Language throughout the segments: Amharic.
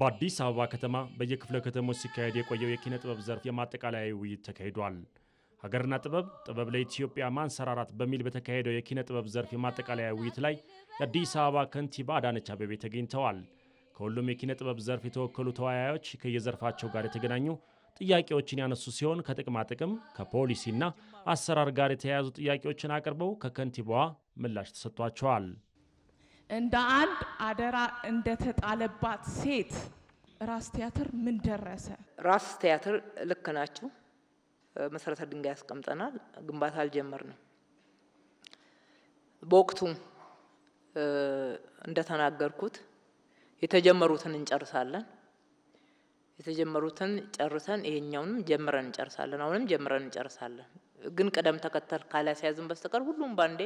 በአዲስ አበባ ከተማ በየክፍለ ከተሞች ሲካሄድ የቆየው የኪነ ጥበብ ዘርፍ የማጠቃለያ ውይይት ተካሂዷል። ሀገርና ጥበብ ጥበብ ለኢትዮጵያ ማንሰራራት በሚል በተካሄደው የኪነ ጥበብ ዘርፍ የማጠቃለያ ውይይት ላይ የአዲስ አበባ ከንቲባ አዳነች አቤቤ ተገኝተዋል። ከሁሉም የኪነ ጥበብ ዘርፍ የተወከሉ ተወያዮች ከየዘርፋቸው ጋር የተገናኙ ጥያቄዎችን ያነሱ ሲሆን ከጥቅማ ጥቅም ከፖሊሲና አሰራር ጋር የተያያዙ ጥያቄዎችን አቅርበው ከከንቲባዋ ምላሽ ተሰጥቷቸዋል። እንደ አንድ አደራ እንደተጣለባት ሴት ራስ ቲያትር ምን ደረሰ? ራስ ቲያትር ልክ ናችሁ። መሰረተ ድንጋይ ያስቀምጠናል፣ ግንባታ አልጀመርንም። በወቅቱ እንደተናገርኩት የተጀመሩትን እንጨርሳለን። የተጀመሩትን ጨርሰን ይሄኛውንም ጀምረን እንጨርሳለን። አሁንም ጀምረን እንጨርሳለን። ግን ቅደም ተከተል ካላስያዝን በስተቀር ሁሉም ባንዴ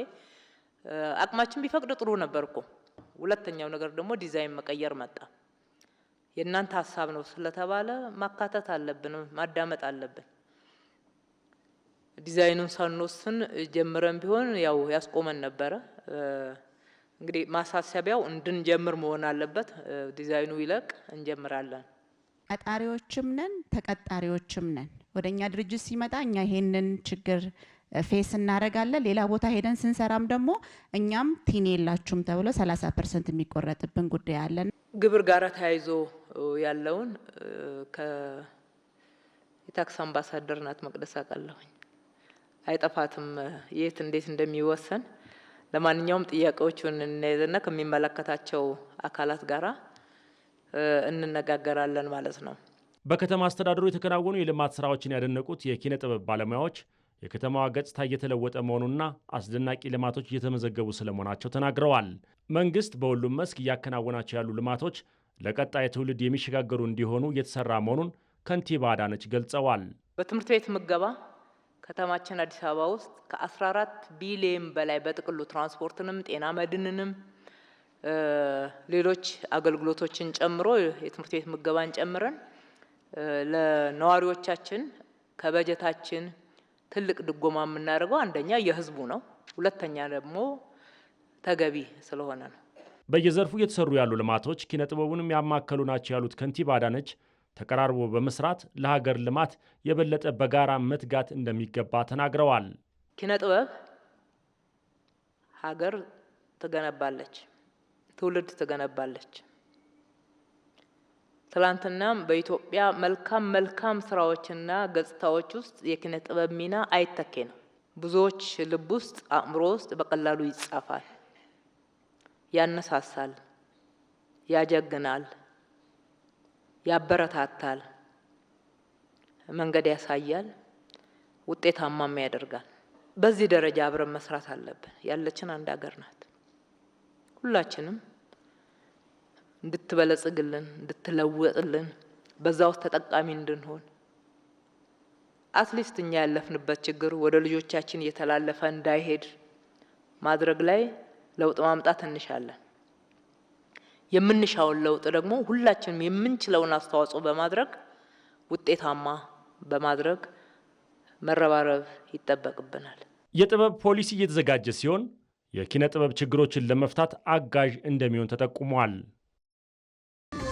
አቅማችን ቢፈቅድ ጥሩ ነበር እኮ ሁለተኛው ነገር ደግሞ ዲዛይን መቀየር መጣ። የእናንተ ሀሳብ ነው ስለተባለ ማካተት አለብን፣ ማዳመጥ አለብን። ዲዛይኑን ሳንወስን ጀምረን ቢሆን ያው ያስቆመን ነበረ። እንግዲህ ማሳሰቢያው እንድንጀምር መሆን አለበት። ዲዛይኑ ይለቅ እንጀምራለን። ቀጣሪዎችም ነን፣ ተቀጣሪዎችም ነን። ወደ እኛ ድርጅት ሲመጣ እኛ ይሄንን ችግር ፌስ እናደርጋለን። ሌላ ቦታ ሄደን ስንሰራም ደግሞ እኛም ቲን የላችሁም ተብሎ 30 ፐርሰንት የሚቆረጥብን ጉዳይ አለን። ግብር ጋር ተያይዞ ያለውን የታክስ አምባሳደር ናት መቅደስ አውቃለሁኝ። አይጠፋትም የት እንዴት እንደሚወሰን። ለማንኛውም ጥያቄዎቹን እንይዝና ከሚመለከታቸው አካላት ጋራ እንነጋገራለን ማለት ነው። በከተማ አስተዳደሩ የተከናወኑ የልማት ስራዎችን ያደነቁት የኪነ ጥበብ ባለሙያዎች የከተማዋ ገጽታ እየተለወጠ መሆኑና አስደናቂ ልማቶች እየተመዘገቡ ስለመሆናቸው ተናግረዋል። መንግስት በሁሉም መስክ እያከናወናቸው ያሉ ልማቶች ለቀጣይ ትውልድ የሚሸጋገሩ እንዲሆኑ እየተሰራ መሆኑን ከንቲባ አዳነች ገልጸዋል። በትምህርት ቤት ምገባ ከተማችን አዲስ አበባ ውስጥ ከ14 ቢሊየን በላይ በጥቅሉ ትራንስፖርትንም ጤና መድንንም ሌሎች አገልግሎቶችን ጨምሮ የትምህርት ቤት ምገባን ጨምረን ለነዋሪዎቻችን ከበጀታችን ትልቅ ድጎማ የምናደርገው አንደኛ የህዝቡ ነው፣ ሁለተኛ ደግሞ ተገቢ ስለሆነ ነው። በየዘርፉ እየተሰሩ ያሉ ልማቶች ኪነ ጥበቡንም ያማከሉ ናቸው ያሉት ከንቲባ አዳነች ተቀራርቦ በመስራት ለሀገር ልማት የበለጠ በጋራ መትጋት እንደሚገባ ተናግረዋል። ኪነ ጥበብ ሀገር ትገነባለች፣ ትውልድ ትገነባለች። ትላንትናም በኢትዮጵያ መልካም መልካም ስራዎችና ገጽታዎች ውስጥ የኪነ ጥበብ ሚና አይተኬ ነው። ብዙዎች ልብ ውስጥ አእምሮ ውስጥ በቀላሉ ይጻፋል፣ ያነሳሳል፣ ያጀግናል፣ ያበረታታል፣ መንገድ ያሳያል፣ ውጤታማም ያደርጋል። በዚህ ደረጃ አብረን መስራት አለብን። ያለችን አንድ ሀገር ናት። ሁላችንም እንድትበለጽግልን፣ እንድትለውጥልን፣ በዛ ውስጥ ተጠቃሚ እንድንሆን አትሊስት እኛ ያለፍንበት ችግር ወደ ልጆቻችን እየተላለፈ እንዳይሄድ ማድረግ ላይ ለውጥ ማምጣት እንሻለን። የምንሻውን ለውጥ ደግሞ ሁላችንም የምንችለውን አስተዋጽኦ በማድረግ ውጤታማ በማድረግ መረባረብ ይጠበቅብናል። የጥበብ ፖሊሲ እየተዘጋጀ ሲሆን የኪነ ጥበብ ችግሮችን ለመፍታት አጋዥ እንደሚሆን ተጠቁሟል።